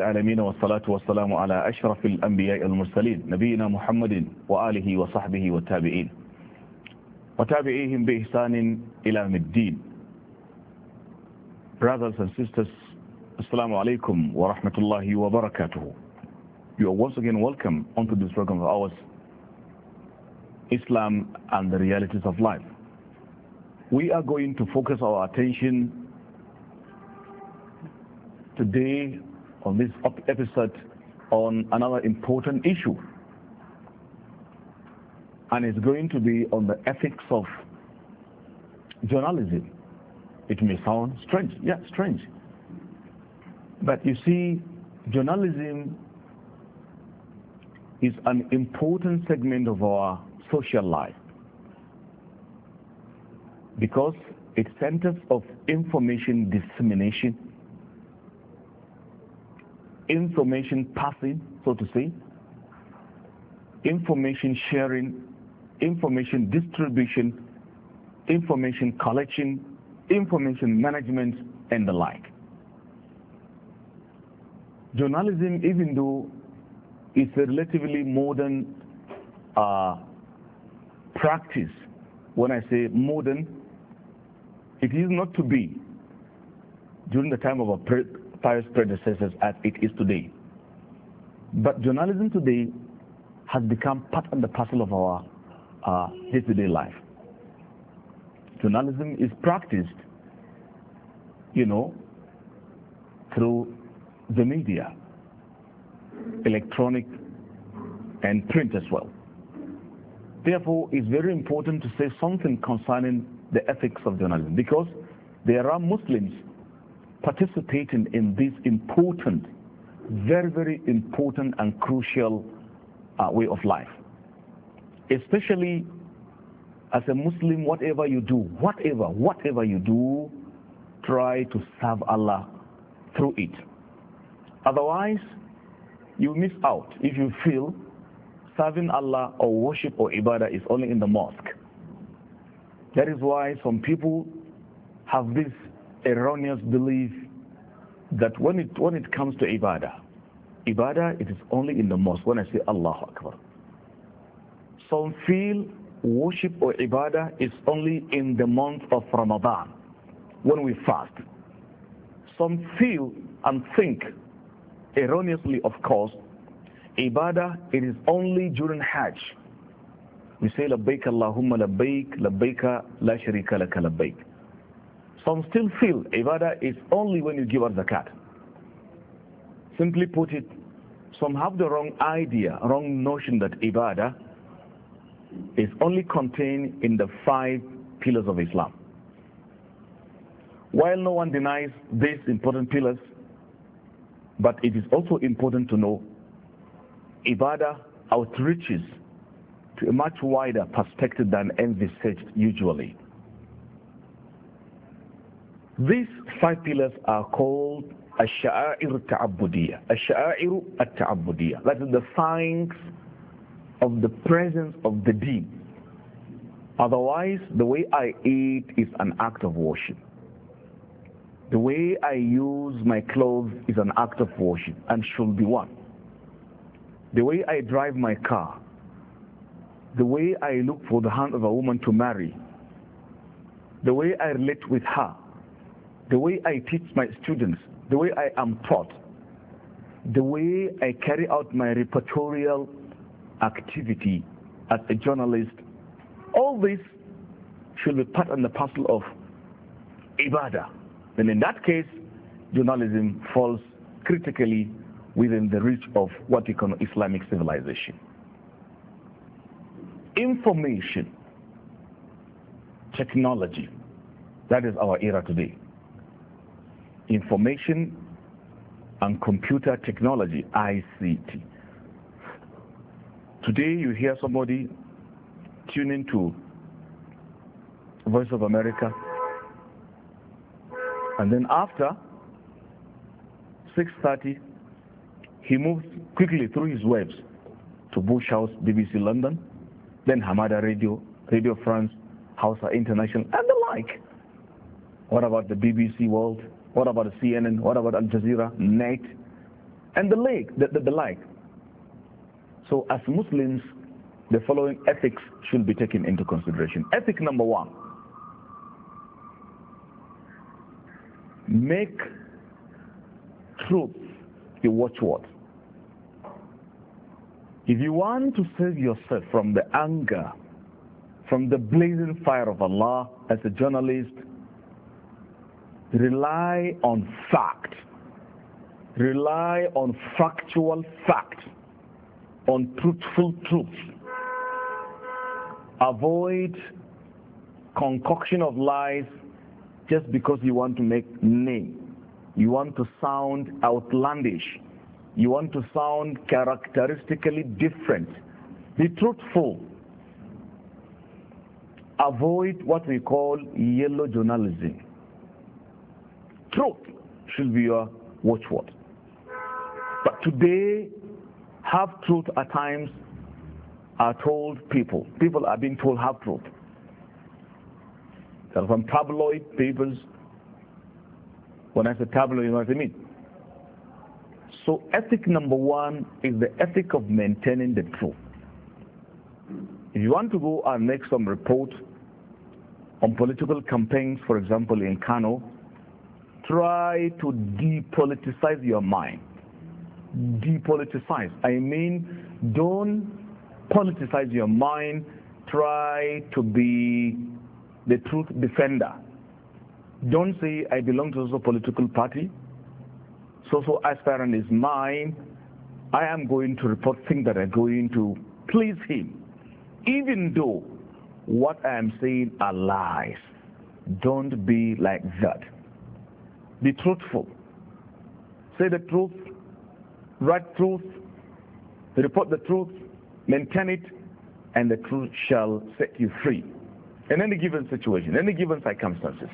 العالمين والصلاة والسلام على أشرف الأنبياء المرسلين نبينا محمد وآله وصحبه والتابعين وتابعيهم بإحسان إلى Brothers and sisters, Assalamu alaikum wa rahmatullahi wa barakatuh. You are once again welcome onto this program of ours, Islam and the Realities of Life. We are going to focus our attention today on this episode on another important issue. And it's going to be on the ethics of journalism. It may sound strange, yeah, strange. But you see, journalism is an important segment of our social life because it centers of information dissemination information passing, so to say, information sharing, information distribution, information collection, information management, and the like. Journalism, even though it's a relatively modern uh, practice, when I say modern, it is not to be during the time of pious predecessors as it is today. But journalism today has become part and the parcel of our uh, day-to-day life. Journalism is practiced, you know, through the media, electronic and print as well. Therefore, it's very important to say something concerning the ethics of journalism because there are Muslims participating in this important, very, very important and crucial uh, way of life. Especially as a Muslim, whatever you do, whatever, whatever you do, try to serve Allah through it. Otherwise, you miss out if you feel serving Allah or worship or ibadah is only in the mosque. That is why some people have this erroneous belief that when it, when it comes to ibadah, ibadah it is only in the mosque when I say Allah Akbar. Some feel worship or ibadah is only in the month of Ramadan when we fast. Some feel and think, erroneously of course, ibadah it is only during Hajj. We say labbaik Allahumma labbaik, labbaika la sharika laka labbaik. Some still feel ibadah is only when you give the zakat. Simply put it, some have the wrong idea, wrong notion that ibadah is only contained in the five pillars of Islam. While no one denies these important pillars, but it is also important to know ibadah outreaches to a much wider perspective than envisaged usually. These five pillars are called ash'air shaair Ta'abudiyya. ash'air Ta'abudiyya. That is the signs of the presence of the deen. Otherwise, the way I eat is an act of worship. The way I use my clothes is an act of worship and should be one. The way I drive my car, the way I look for the hand of a woman to marry, the way I relate with her, the way I teach my students, the way I am taught, the way I carry out my reportorial activity as a journalist, all this should be part and the parcel of ibadah. Then in that case, journalism falls critically within the reach of what we call Islamic civilization. Information, technology, that is our era today. Information and Computer Technology, ICT. Today you hear somebody tuning to Voice of America, and then after 6.30, he moves quickly through his waves to Bush House, BBC London, then Hamada Radio, Radio France, Hausa International, and the like. What about the BBC World? What about CNN? What about Al Jazeera? Net? And the like, the, the, the like. So as Muslims, the following ethics should be taken into consideration. Ethic number one. Make truth your watchword. If you want to save yourself from the anger, from the blazing fire of Allah as a journalist, Rely on fact. Rely on factual fact, on truthful truth. Avoid concoction of lies just because you want to make name. You want to sound outlandish. You want to sound characteristically different. Be truthful. Avoid what we call yellow journalism truth should be your watchword. But today, half truth at times are told people. People are being told half truth. So from tabloid papers, when I say tabloid, you know what I mean. So ethic number one is the ethic of maintaining the truth. If you want to go and make some report on political campaigns, for example, in Kano, try to depoliticize your mind. Depoliticize. I mean, don't politicize your mind. Try to be the truth defender. Don't say, I belong to a political party. So, so aspirant is mine. I am going to report things that are going to please him. Even though what I am saying are lies. Don't be like that. Be truthful. Say the truth, write truth, report the truth, maintain it, and the truth shall set you free in any given situation, any given circumstances.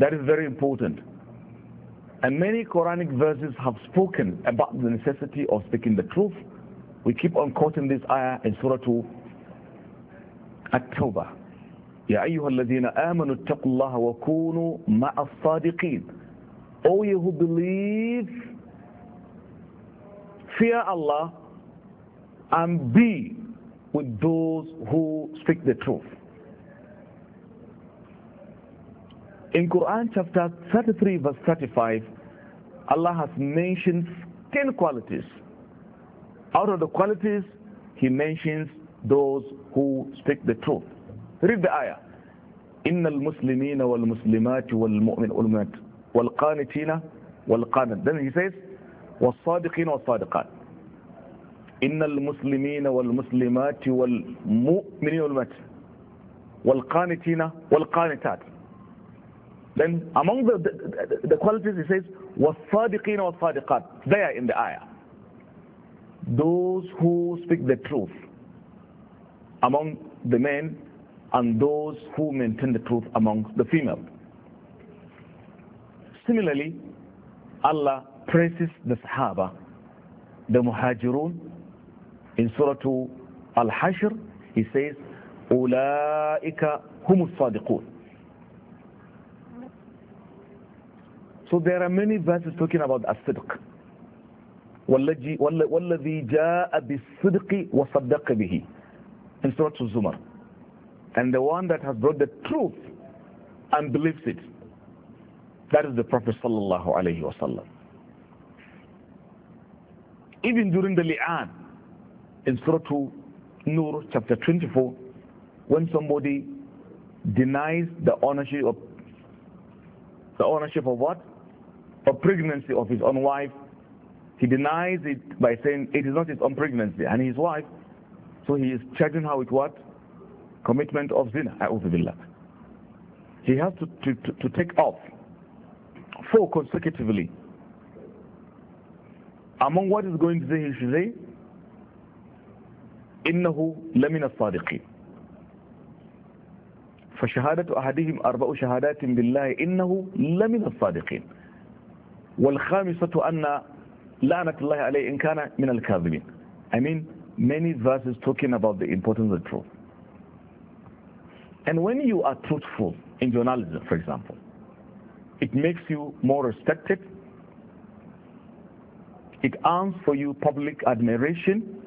That is very important. And many Quranic verses have spoken about the necessity of speaking the truth. We keep on quoting this ayah in Surah 2 at يا أيها الذين آمنوا اتقوا الله وكونوا مع الصادقين All oh, you who believe, fear Allah and be with those who speak the truth. In Quran chapter 33 verse 35, Allah has mentioned 10 qualities. Out of the qualities, He mentions those who speak the truth. read آية إن المسلمين والمسلمات والمؤمن والمؤمنات والقانتين والقانت then he says والصادقين والصادقات إن المسلمين والمسلمات والمؤمنين والمؤمنات والقانتين والقانتات then among the, the, the qualities he says والصادقين والصادقات they are in the ayah those who speak the truth among the men and those who maintain the truth among the female. Similarly, Allah praises the Sahaba, the Muhajirun, in Surah Al-Hashr, He says, أُولَٰئِكَ هُمُ الصَّادِقُونَ So there are many verses talking about as-sidq. وَالَّذِي جَاءَ بِالصِّدْقِ وَصَدَّقَ بِهِ In Surah Al-Zumar and the one that has brought the truth and believes it. That is the Prophet sallallahu alaihi wasallam. Even during the li'an, in Surah 2, Nur, chapter 24, when somebody denies the ownership of the ownership of what? Of pregnancy of his own wife. He denies it by saying it is not his own pregnancy and his wife. So he is charging her with what? commitment of zina, billah. He has to, to, to, to take off four consecutively. Among what is going to say, he should say, إِنَّهُ لَمِنَ الصَّادِقِينَ فشهادة أحدهم أربع شهادات بالله إنه لمن الصادقين والخامسة أن لعنة الله عليه إن كان من الكاذبين I mean many verses talking about the importance of truth and when you are truthful in journalism, for example, it makes you more respected. It earns for you public admiration.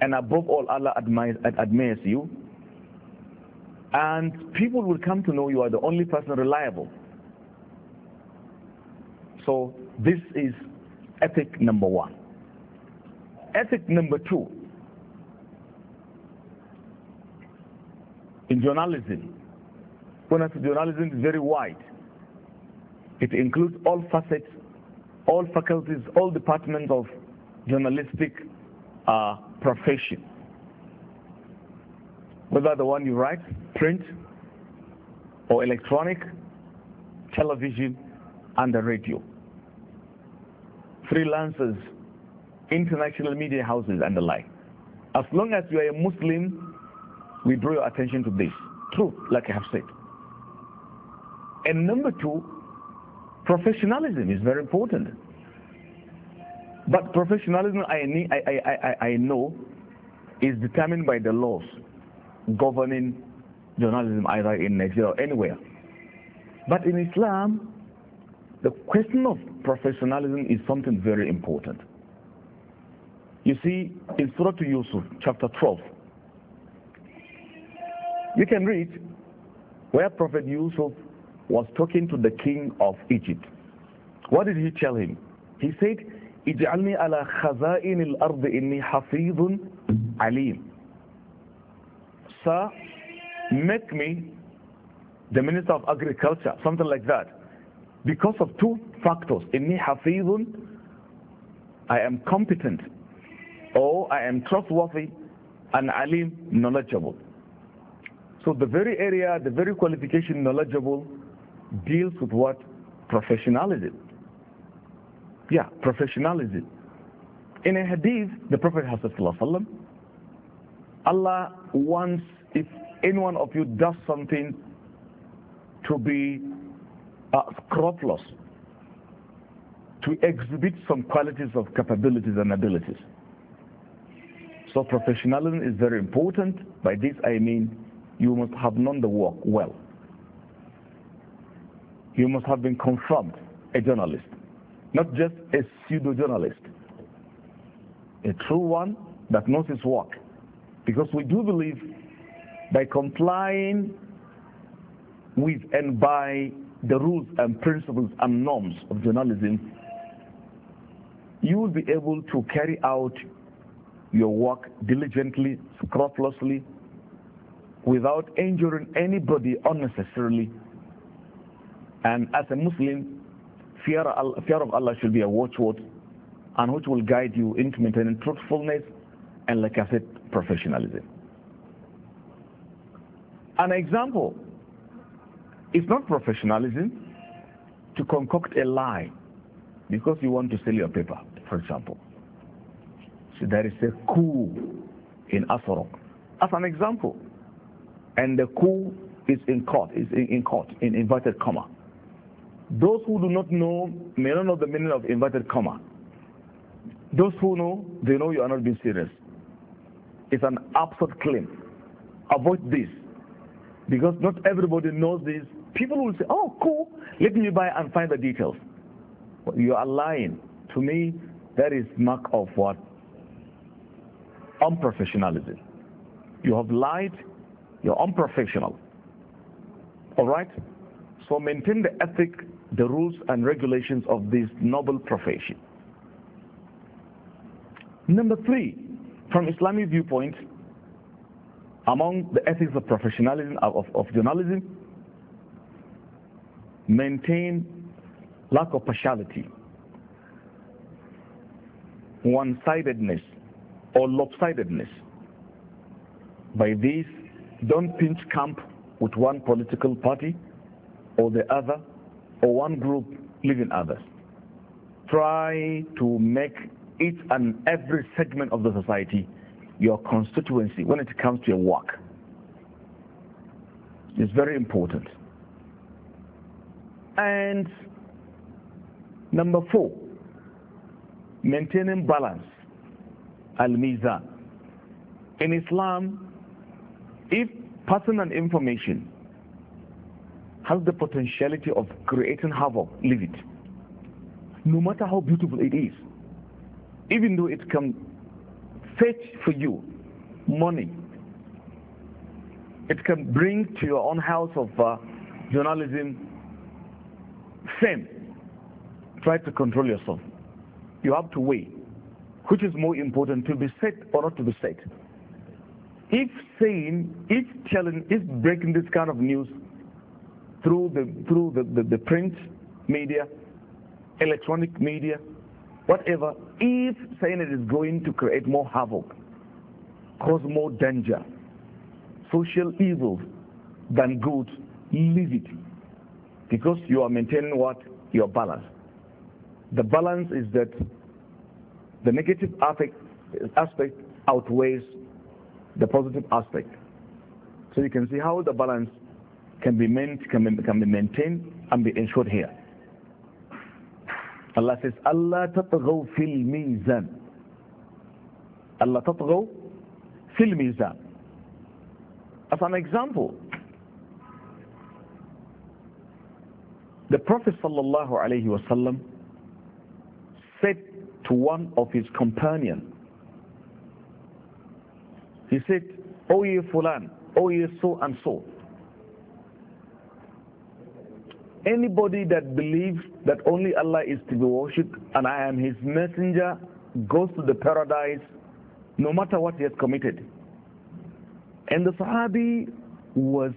And above all, Allah admires, admires you. And people will come to know you are the only person reliable. So this is ethic number one. Ethic number two in journalism. When I say journalism, is very wide. It includes all facets, all faculties, all departments of journalistic uh, profession. Whether the one you write, print, or electronic, television, and the radio. Freelancers, international media houses, and the like. As long as you are a Muslim, we draw your attention to this. Truth, like I have said. And number two, professionalism is very important. But professionalism, I, I, I, I know, is determined by the laws governing journalism either in Nigeria or anywhere. But in Islam, the question of professionalism is something very important. You see, in Surah to Yusuf, chapter 12, you can read where Prophet Yusuf was talking to the king of Egypt. What did he tell him? He said, اجعلني على خزائن الأرض إني حفيظ عليم. Sir, make me the Minister of Agriculture, something like that. Because of two factors. إني حفيظ I am competent or I am trustworthy and alim knowledgeable. So the very area, the very qualification knowledgeable deals with what? Professionalism. Yeah, professionalism. In a hadith, the Prophet has said, Allah wants if any one of you does something to be uh, scrupulous, to exhibit some qualities of capabilities and abilities. So professionalism is very important. By this I mean you must have known the work well. You must have been confirmed a journalist, not just a pseudo journalist, a true one that knows his work. Because we do believe by complying with and by the rules and principles and norms of journalism, you will be able to carry out your work diligently, scrupulously, without injuring anybody unnecessarily. And as a Muslim, fear, fear of Allah should be a watchword and which will guide you into maintaining truthfulness and, like I said, professionalism. An example It's not professionalism to concoct a lie because you want to sell your paper, for example. So there is a coup in Asarok. As an example, and the coup is in court, is in, in court, in inverted comma. Those who do not know may not know the meaning of inverted comma. Those who know, they know you are not being serious. It's an absurd claim. Avoid this. Because not everybody knows this. People will say, oh, cool, let me buy and find the details. You are lying. To me, that is mark of what? Unprofessionalism. You have lied you're unprofessional. All right? So maintain the ethic, the rules and regulations of this noble profession. Number three, from Islamic viewpoint, among the ethics of professionalism, of, of journalism, maintain lack of partiality, one-sidedness or lopsidedness. By this, don't pinch camp with one political party or the other or one group leaving others. Try to make each and every segment of the society your constituency when it comes to your work. It's very important. And number four, maintaining balance, al-mizan. In Islam, if personal information has the potentiality of creating havoc, leave it. No matter how beautiful it is, even though it can fetch for you money, it can bring to your own house of uh, journalism fame. Try to control yourself. You have to weigh which is more important to be said or not to be said if saying, if telling, if breaking this kind of news through the through the, the, the print media, electronic media, whatever, if saying it is going to create more havoc, cause more danger, social evils than good, leave it. Because you are maintaining what? Your balance. The balance is that the negative aspect outweighs the positive aspect. So you can see how the balance can be, meant, can be, can be maintained and be ensured here. Allah says, Allah tatghaw fil mizan. Allah tatghaw fil mizan. As an example, the Prophet sallallahu alayhi wasallam said to one of his companions, he said, "O ye fulan, O ye so and so. Anybody that believes that only Allah is to be worshipped and I am his messenger goes to the paradise no matter what he has committed. And the Sahabi was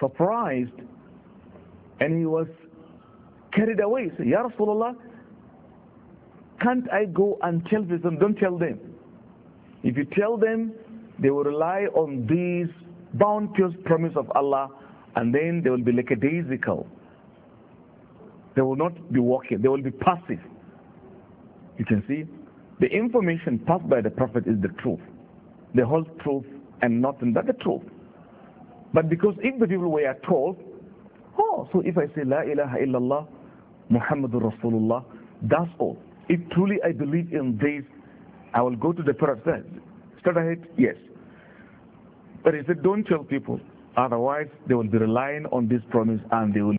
surprised and he was carried away. He said, Ya Rasulullah, can't I go and tell this and don't tell them? If you tell them, they will rely on this bounteous promise of Allah and then they will be daisical. They will not be walking, they will be passive. You can see, the information passed by the Prophet is the truth, the whole truth and nothing but the truth. But because if the people were told, oh, so if I say La ilaha illallah, Muhammadur Rasulullah, that's all. If truly I believe in this, I will go to the Prophet. Start ahead, yes. But he said, don't tell people. Otherwise, they will be relying on this promise and they will